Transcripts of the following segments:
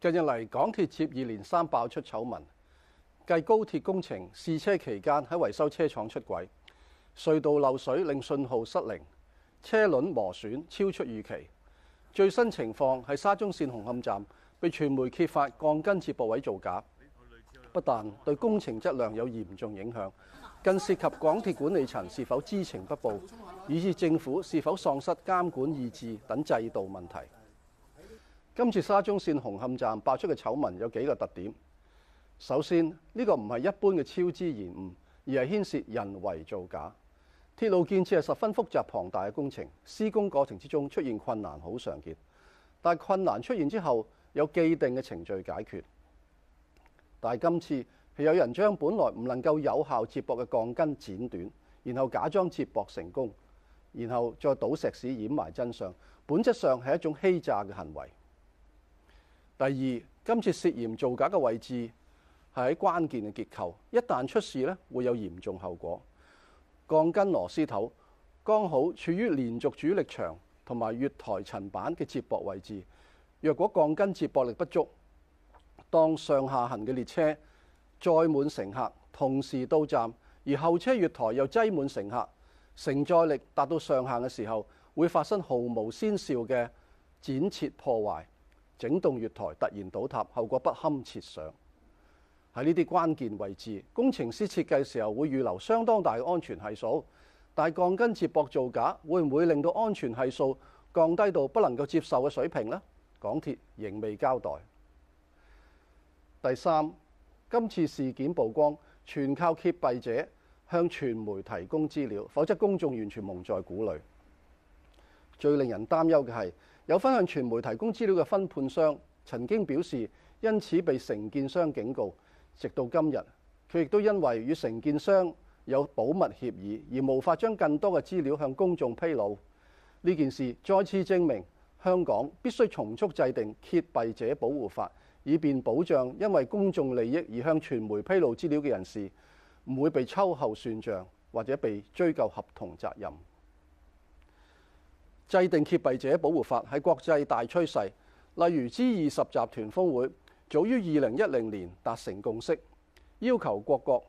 近日嚟，港鐵接二連三爆出醜聞，繼高鐵工程試車期間喺維修車廠出軌，隧道漏水令信號失靈，車輪磨損超出預期。最新情況係沙中線紅磡站被傳媒揭發鋼筋接駁位造假，不但對工程質量有嚴重影響，更涉及港鐵管理層是否知情不報，以至政府是否喪失監管意志等制度問題。今次沙中線紅磡站爆出嘅醜聞有幾個特點。首先，呢、這個唔係一般嘅超支延誤，而係牽涉人為造假。鐵路建設係十分複雜龐大嘅工程，施工過程之中出現困難好常見。但困難出現之後，有既定嘅程序解決。但係今次係有人將本來唔能夠有效接駁嘅鋼筋剪短，然後假裝接駁成功，然後再倒石屎掩埋真相，本質上係一種欺詐嘅行為。第二，今次涉嫌造假嘅位置係喺關鍵嘅結構，一旦出事咧，會有嚴重後果。鋼筋螺絲頭剛好處於連續主力牆同埋月台層板嘅接駁位置，若果鋼筋接駁力不足，當上下行嘅列車載滿乘客同時到站，而候車月台又擠滿乘客，承載力達到上限嘅時候，會發生毫無先兆嘅剪切破壞。整棟月台突然倒塌，後果不堪設想。喺呢啲關鍵位置，工程師設計時候會預留相當大嘅安全係數，但係鋼筋接駁造假，會唔會令到安全係數降低到不能夠接受嘅水平呢？港鐵仍未交代。第三，今次事件曝光，全靠揭弊者向傳媒提供資料，否則公眾完全蒙在鼓裡。最令人擔憂嘅係。有份向傳媒提供資料嘅分判商曾經表示，因此被承建商警告，直到今日，佢亦都因為與承建商有保密協議，而無法將更多嘅資料向公眾披露。呢件事再次證明，香港必須從速制定揭弊者保護法，以便保障因為公眾利益而向傳媒披露資料嘅人士唔會被秋後算賬或者被追究合同責任。制定揭弊者保護法係國際大趨勢，例如 G 二十集團峰會早於二零一零年達成共識，要求各國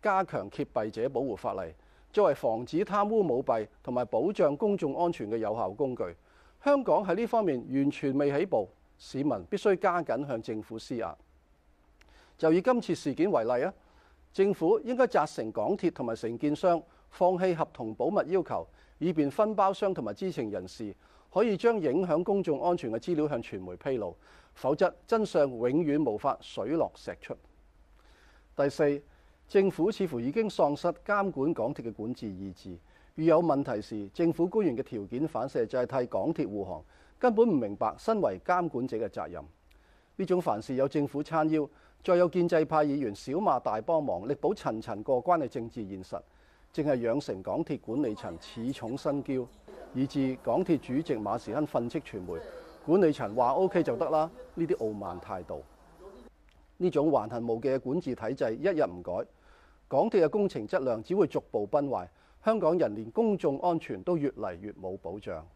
加強揭弊者保護法例，作為防止貪污舞弊同埋保障公眾安全嘅有效工具。香港喺呢方面完全未起步，市民必須加緊向政府施壓。就以今次事件為例啊，政府應該責成港鐵同埋承建商放棄合同保密要求。以便分包商同埋知情人士可以將影響公眾安全嘅資料向傳媒披露，否則真相永遠無法水落石出。第四，政府似乎已經喪失監管港鐵嘅管治意志。遇有問題時，政府官員嘅條件反射就係替港鐵護航，根本唔明白身為監管者嘅責任。呢種凡事有政府撐腰，再有建制派議員小罵大幫忙、力保層層過關嘅政治現實。正係養成港鐵管理層恃寵身驕，以至港鐵主席馬時亨憤斥傳媒，管理層話 O K 就得啦。呢啲傲慢態度，呢種橫行無忌嘅管治體制，一日唔改，港鐵嘅工程質量只會逐步崩壞，香港人連公眾安全都越嚟越冇保障。